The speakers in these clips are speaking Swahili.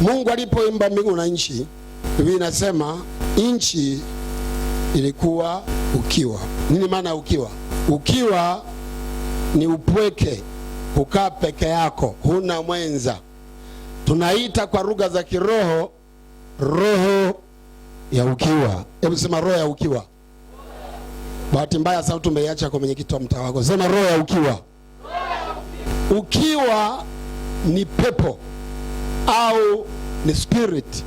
Mungu alipoimba mbingu na nchi, Biblia inasema nchi ilikuwa ukiwa. Nini maana ya ukiwa? Ukiwa ni upweke, kukaa peke yako, huna mwenza. Tunaita kwa lugha za kiroho roho ya ukiwa. Hebu sema roho ya ukiwa. Bahati mbaya sana tumeiacha kwa mwenyekiti wa mtaa wako. Sema roho ya ukiwa. Ukiwa ni pepo au ni spirit,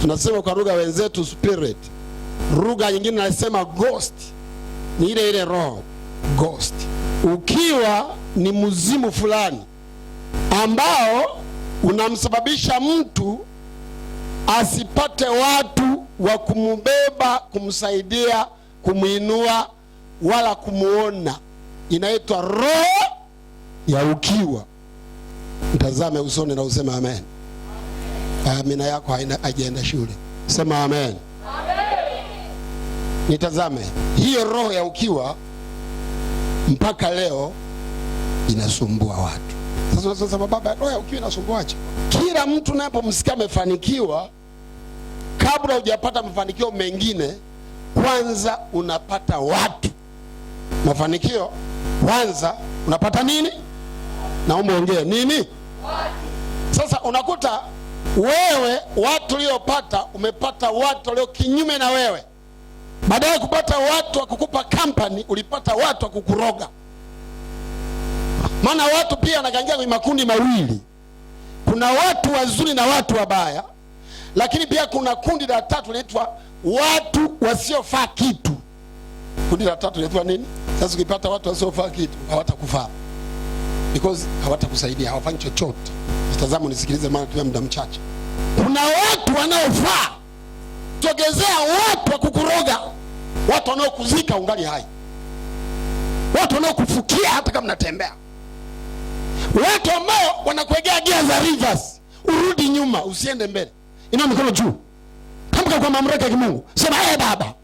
tunasema kwa lugha wenzetu spirit. Lugha nyingine nasema ghost, ni ile ile roho ghost. Ukiwa ni mzimu fulani ambao unamsababisha mtu asipate watu wa kumbeba, kumsaidia, kumwinua wala kumuona, inaitwa roho ya ukiwa mtazame usoni na useme amen. Amina yako haijaenda shule, sema amen, amen. Nitazame hiyo roho ya ukiwa mpaka leo inasumbua watu. Sasa unasema baba, roho ya ukiwa inasumbuaje? Kila mtu napomsikia amefanikiwa, kabla hujapata mafanikio mengine, kwanza unapata watu. Mafanikio kwanza unapata nini? naomba ongea nini? Sasa unakuta wewe watu uliopata umepata watu walio kinyume na wewe. Baada ya kupata watu wa kukupa kampani, ulipata watu wa kukuroga. Maana watu pia wanakangia kwenye makundi mawili, kuna watu wazuri na watu wabaya, lakini pia kuna kundi la tatu linaitwa watu wasiofaa kitu. Kundi la tatu linaitwa nini? Sasa ukipata watu wasiofaa kitu hawatakufaa because hawatakusaidia, hawafanyi chochote. Tazama nisikilize, maana tumia muda mchache. Kuna watu wanaofaa togezea watu wa kukuroga, watu wanaokuzika ungali hai, watu wanaokufukia hata kama natembea, watu ambao wanakuegea gia za rivers, urudi nyuma, usiende mbele. Inua mikono juu, tamka kwa mamlaka ya Kimungu, sema ee Baba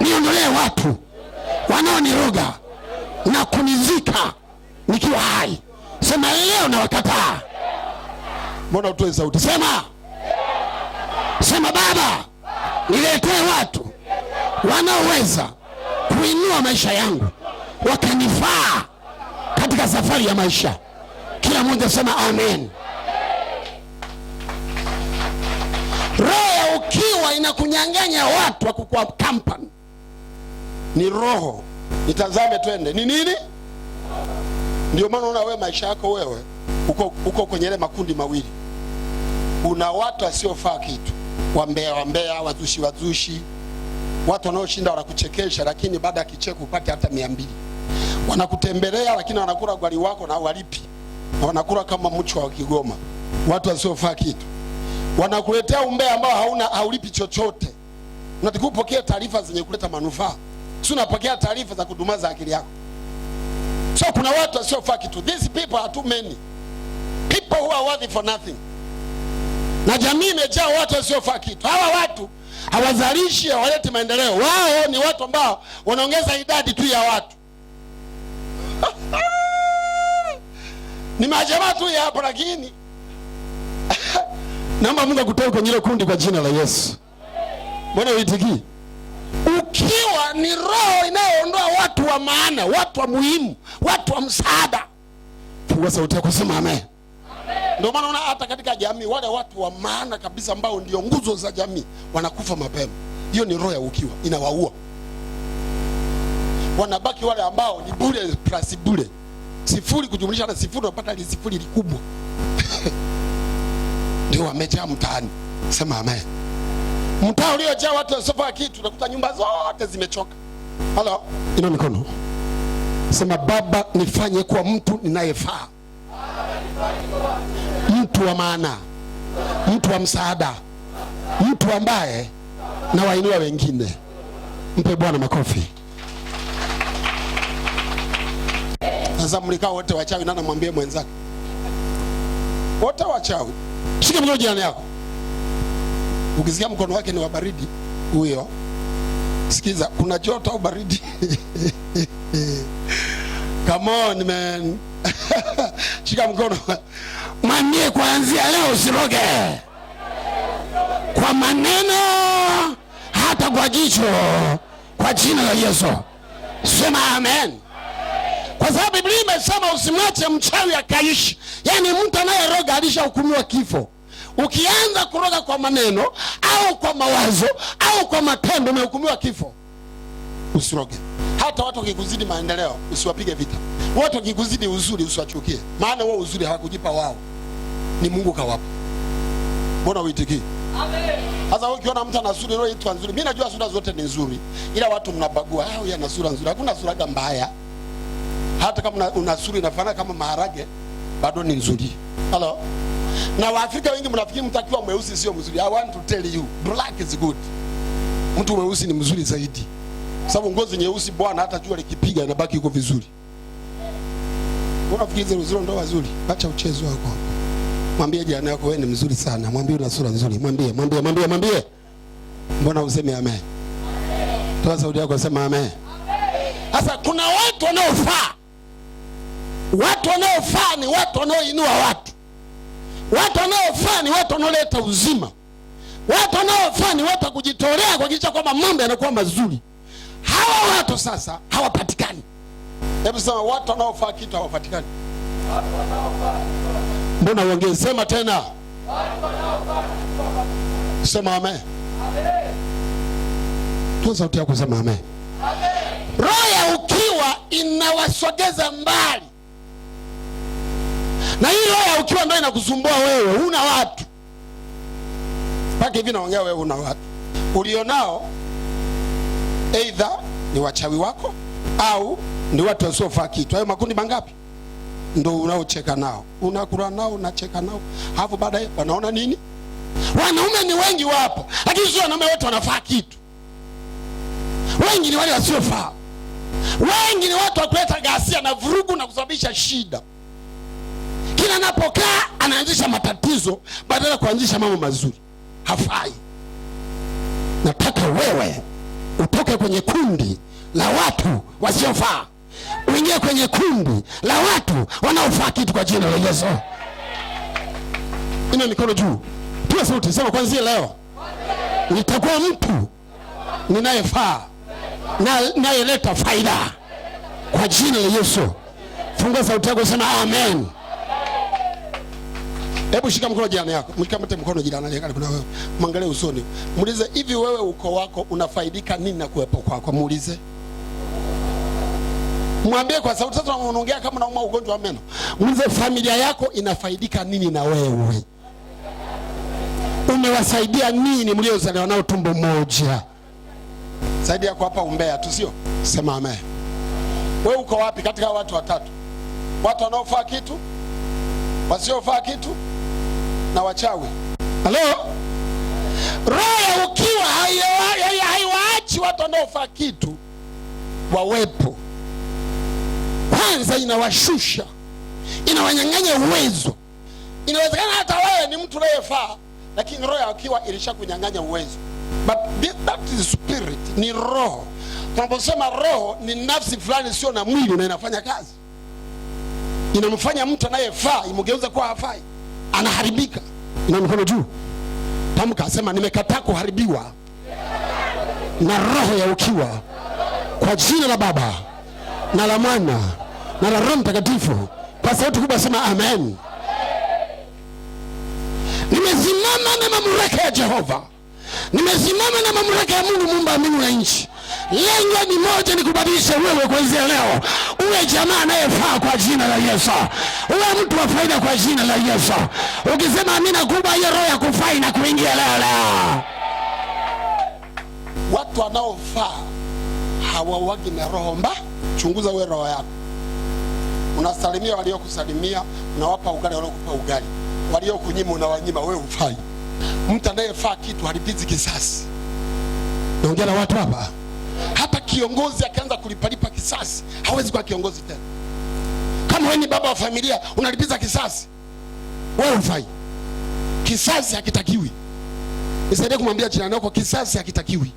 niondolee watu wanaoniroga na kunizika nikiwa hai. Sema leo nawakataa. Mbona utoe sauti? Sema, sema Baba, niletee watu wanaoweza kuinua maisha yangu wakanifaa katika safari ya maisha. Kila mmoja sema amen. Roho ya ukiwa inakunyang'anya watu wa kukua company. Ni roho. itazame, twende. Ni nini? Ndio maana unaona wewe maisha yako wewe uko, uko kwenye ile makundi mawili. Una watu wasiofaa kitu, wambea wambea, wazushi wazushi, watu wanaoshinda wanakuchekesha, lakini baada ya kicheko upate hata mia mbili. Wanakutembelea lakini wanakula gwali wako na walipi, wanakula kama mchwa wa Kigoma. Watu wasiofaa kitu wanakuletea umbea ambao hauna haulipi chochote. Unatakiwa upokee taarifa zenye kuleta manufaa, si unapokea taarifa za kudumaza akili yako. So kuna watu wasiofaa kitu. These people are too many. People who are worthy for nothing. Na jamii imejaa watu wasiofaa kitu. Hawa watu hawazalishi, hawaleti maendeleo. Wao ni watu ambao wanaongeza idadi tu ya watu. Ni majamaa tu ya hapo lakini Naomba Mungu akutoe kwenye ile kundi kwa jina la Yesu. Mbona uitikii? Ukiwa ni roho inayoondoa watu wa maana, watu wa muhimu, watu wa msaada. Fungua sauti yako, sema amen. Ndio maana hata katika jamii wale watu wa maana kabisa ambao ndio nguzo za jamii wanakufa mapema. Hiyo ni roho ya ukiwa, inawaua. Wanabaki wale ambao ni bure plus bure, sifuri kujumlisha na sifuri, unapata ile sifuri likubwa ndio wamejaa mtaani. Sema amen. Mtaa uliojaa watu wasiofahamu kitu, nakuta nyumba zote zimechoka. Halo, ina mikono sema, Baba nifanye kuwa mtu ninayefaa, mtu wa maana, mtu wa msaada, mtu ambaye na wainua wengine. Mpe Bwana makofi. Sasa mlikao wote wachawi, na mwambie mwenzake? Wote wachawi. Shika mkono jirani yako, ukisikia mkono wake ni wa baridi, huyo Sikiza, kuna joto au baridi? Come on man. Shika mkono manie, kuanzia leo usiroge kwa maneno hata kwa jicho, kwa jina la Yesu. Sema amen, kwa sababu Biblia imesema usimwache mchawi akaishi. Yaani mtu anayeroga alishahukumiwa kifo. Ukianza kuroga kwa maneno au kwa mawazo au kwa matendo, umehukumiwa kifo. Usiroge. Hata watu wakikuzidi maendeleo usiwapige vita. Watu wakikuzidi uzuri usiwachukie, maana wao uzuri hawakujipa wao, ni Mungu kawapa. Mbona uitiki? Amen. Sasa ukiona mtu ana sura ile itwa nzuri, mimi najua sura zote ni nzuri, ila watu mnabagua, ah, huyu ana sura nzuri. Hakuna sura mbaya, hata kama una sura inafanana kama maharage, bado ni nzuri. Halo. Na Waafrika wengi mnafikiri mtakiwa mweusi sio mzuri. I want to tell you, black is good. Mtu mweusi ni mzuri zaidi, sababu ngozi nyeusi bwana, hata jua likipiga inabaki iko vizuri. Unafikiri uzuri ndo wazuri? Acha uchezo wako. Mwambie jana yako wewe ni mzuri sana, mwambie una sura nzuri, mwambie, mwambie, mwambie, mwambie. Mbona useme amen? Amen. Toa sauti yako, sema amen. Sasa kuna watu wanaofaa, watu wanaofaa ni watu wanaoinua watu Watu wanaofaa ni watu wanaoleta uzima. Watu wanaofaa ni watu wa kujitolea kuhakikisha kwamba mambo yanakuwa mazuri. Hawa watu sasa hawapatikani. Hebu sema watu wanaofaa kitu hawapatikani. Mbona Sema tena? Sema amen. Tuwa sauti yako, sema amen. Roho ya ukiwa inawasogeza mbali na hii roho ukiwa ndio inakusumbua wewe, una watu mpaka hivi naongea, wewe una watu ulionao, aidha ni wachawi wako au ni watu wasiofaa kitu. Hayo makundi mangapi ndo unaocheka nao, unakula nao, unacheka nao, alafu baadaye wanaona nini? Wanaume ni wengi wapo, lakini sio wanaume wote wanafaa kitu. Wengi ni wale wasiofaa, wengi ni watu wa kuleta ghasia na vurugu na kusababisha shida kila anapokaa anaanzisha matatizo badala ya kuanzisha mambo mazuri. Hafai. Nataka wewe utoke kwenye kundi la watu wasiofaa uingie kwenye kundi la watu wanaofaa kitu kwa jina la Yesu. Ina mikono juu, pia sauti sema, kwanzia leo nitakuwa mtu ninayefaa na nayeleta faida kwa jina la Yesu. Funga sauti yako, sema amen, amen. Hebu shika mkono jirani yako, mkamate mkono jirani yako, kuna wewe, mwangalie usoni, muulize hivi, wewe uko wako unafaidika nini na kuwepo kwako? Muulize, mwambie kwa sauti. Sasa unaongea kama unauma ugonjwa wa meno, muulize familia yako inafaidika nini na wewe? Umewasaidia nini mliozaliwa nao tumbo moja? Saidia kwa hapa umbea tu, sio sema amen. Wewe uko wapi katika watu watatu, watu wanaofaa kitu, wasiofaa kitu na wachawi. Halo, roho ya ukiwa haiwaachi watu wanaofaa kitu wawepo. Kwanza inawashusha, inawanyang'anya uwezo. Inawezekana hata wewe ni mtu unayefaa, lakini roho ya ukiwa ilishakunyang'anya uwezo. But that is spirit, ni roho. Tunaposema roho ni nafsi fulani sio na mwili, na inafanya kazi, inamfanya mtu anayefaa imugeuza kuwa hafai anaharibika, ina mkono juu, tamka, sema nimekataa kuharibiwa na roho ya ukiwa kwa jina la Baba na la Mwana na la Roho Mtakatifu. Kwa sauti kubwa sema amen. Nimesimama na mamlaka ya Jehova, nimesimama na mamlaka ya Mungu muumba mbingu na nchi. Lengo ni moja, ni kubadilisha wewe kuanzia leo, uwe jamaa anayefaa kwa jina la Yesu, uwe mtu wa faida kwa jina la Yesu. Ukisema amina kubwa, hiyo roho ya kufaa inakuingia leo leo. Watu wanaofaa hawawagi na roho mba. Chunguza wewe roho yako, unasalimia waliokusalimia, unawapa ugali waliokupa ugali, waliokunyima unawanyima, wewe ufai. Mtu anayefaa kitu halipizi kisasi. Naongea na watu hapa kiongozi akianza kulipalipa kisasi hawezi kuwa kiongozi tena. Kama wewe ni baba wa familia unalipiza kisasi, wewe ufai. Kisasi hakitakiwi. Nisaidie kumwambia jirani yako kisasi hakitakiwi.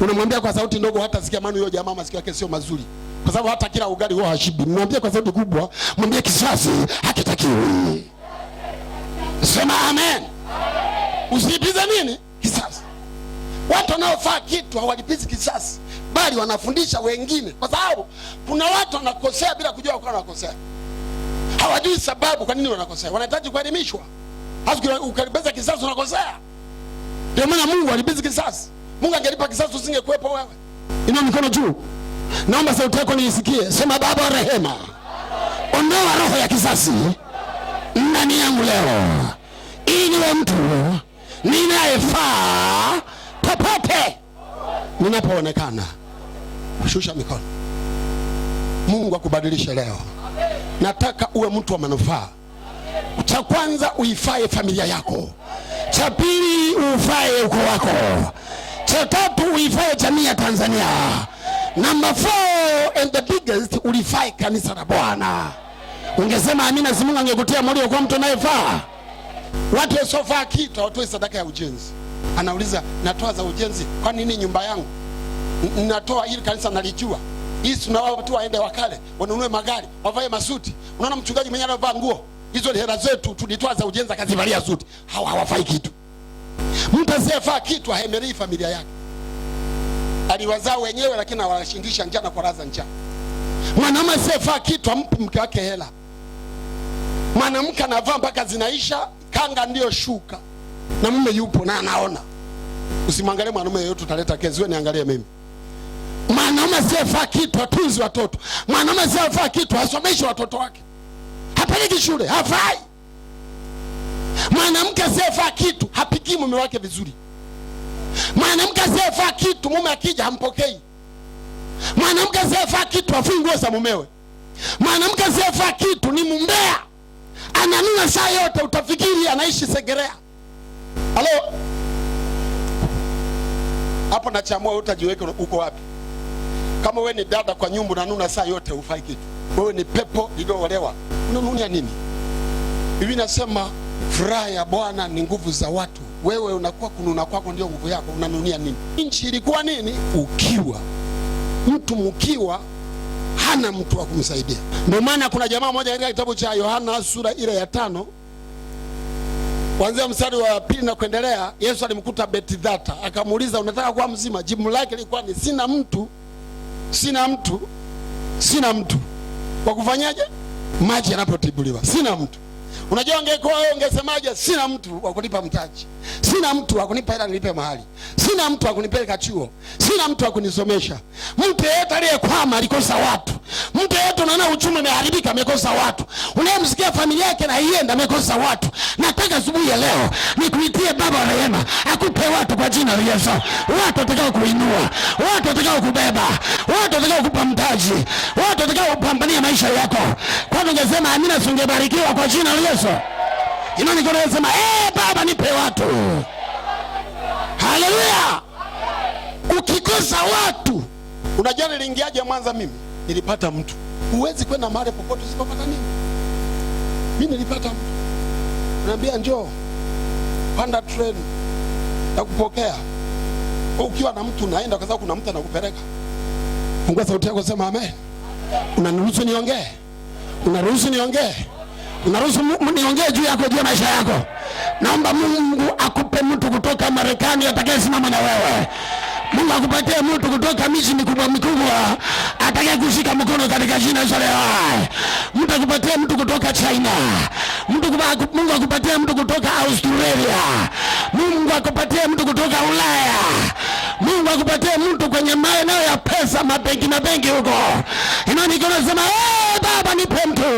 Unamwambia kwa sauti ndogo, hata sikia maana huyo jamaa masikio yake sio mazuri, kwa sababu hata kila ugali huo hashibi. Mwambie kwa sauti kubwa, mwambie kisasi hakitakiwi. Sema amen. Usilipize nini kisasi. Watu wanaofaa kitu hawalipizi kisasi bali wanafundisha wengine, kwa sababu kuna watu wanakosea bila kujua kwa wanakosea. Hawajui sababu kwa nini wanakosea, wanahitaji kuelimishwa. Hasa ukalipiza kisasi unakosea. Ndio maana Mungu alipiza kisasi. Mungu angelipa kisasi usingekuwepo wewe. Inua mikono juu, naomba sauti yako niisikie. Sema, Baba wa rehema, ondoa roho ya kisasi ndani yangu leo, ili niwe mtu ninayefaa popote ninapoonekana. Shusha mikono. Mungu akubadilishe leo. Nataka uwe mtu wa manufaa. Cha kwanza uifae familia yako, cha pili uifae ukoo wako, cha tatu uifae jamii ya Tanzania. Number four and the biggest, ulifae kanisa la Bwana. Ungesema amina, si Mungu angekutia moyo kwa mtu anayefaa. Watu wasiofaa kitu hawatoi sadaka ya ujenzi. Anauliza, natoa za ujenzi, kwa nini nyumba yangu mnatoa hili kanisa nalijua hii na wao tu waende wakale wanunue magari wavae masuti. Unaona mchungaji mwenyewe anavaa nguo hizo, ni hela zetu tulitoa za ujenzi, akazivalia suti. Hawa hawafai kitu. Mtu asiyefaa kitu haemerei familia yake. Aliwazaa wenyewe, lakini awashindisha njaa na kulaza njaa. Mwanaume asiyefaa kitu ampi mke wake hela. Mwanamke anavaa mpaka zinaisha, kanga ndiyo shuka, na mume yupo na anaona. Usimwangalie mwanaume yeyote, utaleta kezi Wewe niangalie mimi. Mwanaume asiyevaa kitu atunzi watoto, mwanaume asiyevaa kitu asomeshi watoto wake, hapeleki shule, hafai. Mwanamke asiyevaa kitu hapigii mume wake vizuri. Mwanamke asiyevaa kitu mume akija hampokei. Mwanamke asiyevaa kitu hafui nguo za mumewe. Mwanamke asiyevaa kitu ni mumbea, ananuna saa yote, utafikiri anaishi Segerea. Halo hapo, nachamua utajiweke uko wapi? Kama wewe ni dada kwa nyumba unanuna saa yote, ufai kitu. Wewe ni pepo lililoolewa, unanunia nini? Biblia inasema furaha ya Bwana ni nguvu za watu. Wewe unakuwa kununa kwako ndio nguvu yako, unanunia nini? Nchi ilikuwa nini? Ukiwa. Mtu mkiwa hana mtu wa kumsaidia. Ndio maana kuna jamaa moja katika kitabu cha Yohana sura ile ya tano kuanzia mstari wa pili na kuendelea, Yesu alimkuta Betdhata akamuuliza, unataka kuwa mzima? Jibu lake lilikuwa ni sina mtu sina mtu, sina mtu wa kufanyaje maji yanapotibuliwa, sina mtu Unajua ungekuwa wewe ungesemaje? Sina mtu wa kunipa mtaji, sina mtu wa kunipa hela nilipe mahali, sina mtu wa kunipeleka chuo, sina mtu wa kunisomesha. Mtu yeyote aliyekwama alikosa watu. Mtu yeyote unaona uchumi umeharibika amekosa watu. Unayemsikia familia yake na ienda amekosa watu. Nataka asubuhi ya leo nikuitie Baba wa rehema akupe watu kwa jina la Yesu, watu watakao kuinua, watu watakao kubeba, watu watakao kupa mtaji, watu watakao kupambania maisha yako. Kama ningesema amina, singebarikiwa kwa jina la Yesu. Imani kwa nasema eh, Baba nipe watu. Haleluya! Ukikosa watu, unajua niliingiaje Mwanza? Mimi nilipata mtu. Huwezi kwenda mahali popote usipopata nini? Mimi nilipata mtu, naambia njoo, panda treni na kupokea ukiwa na mtu naenda, kwa sababu kuna mtu anakupeleka. Fungua sauti yako, sema amen. Unaniruhusu niongee? Unaruhusu niongee? Unaruhusu niongee juu yako, juu ya maisha yako? Naomba Mungu akupe mtu kutoka Marekani atakayesimama na wewe. Mungu akupatie mtu kutoka miji mikubwa mikubwa atakaye kushika mkono katika jina la Yesu. Mtu akupatie mtu kutoka China. Mtu Mungu akupatie mtu kutoka Australia. Mungu akupatie mtu kutoka Ulaya. Mungu akupatie mtu kwenye maeneo ya pesa, mabenki na benki huko. Inaonekana sema hey! baba nipe mtu.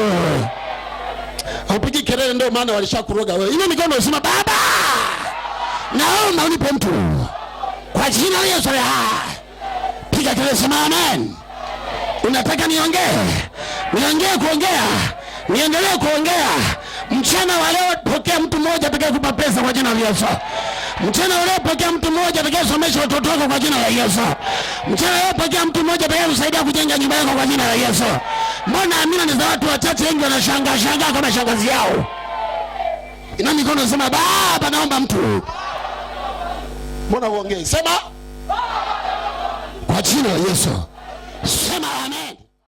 Hupigi kelele, ndio maana walishakuroga wewe. Ile mikono usema baba, naomba unipe mtu kwa jina la Yesu. Piga kelele, sema amen. Unataka niongee? Niongee kuongea, niendelee kuongea. Mchana wa leo pokea mtu mmoja atakayekupa pesa kwa jina la Yesu. Mchana wa leo pokea mtu mmoja atakayesomesha watoto wako kwa jina la Yesu. Mchana wa leo pokea mtu mmoja atakayekusaidia kujenga nyumba yako kwa jina la Yesu. Mbona amina ni za watu wachache, wengi wanashangaa shangaa kama shangazi yao ina mikono sema, baba naomba mtu. Mbona uongee? Sema kwa jina la Yesu, sema amen.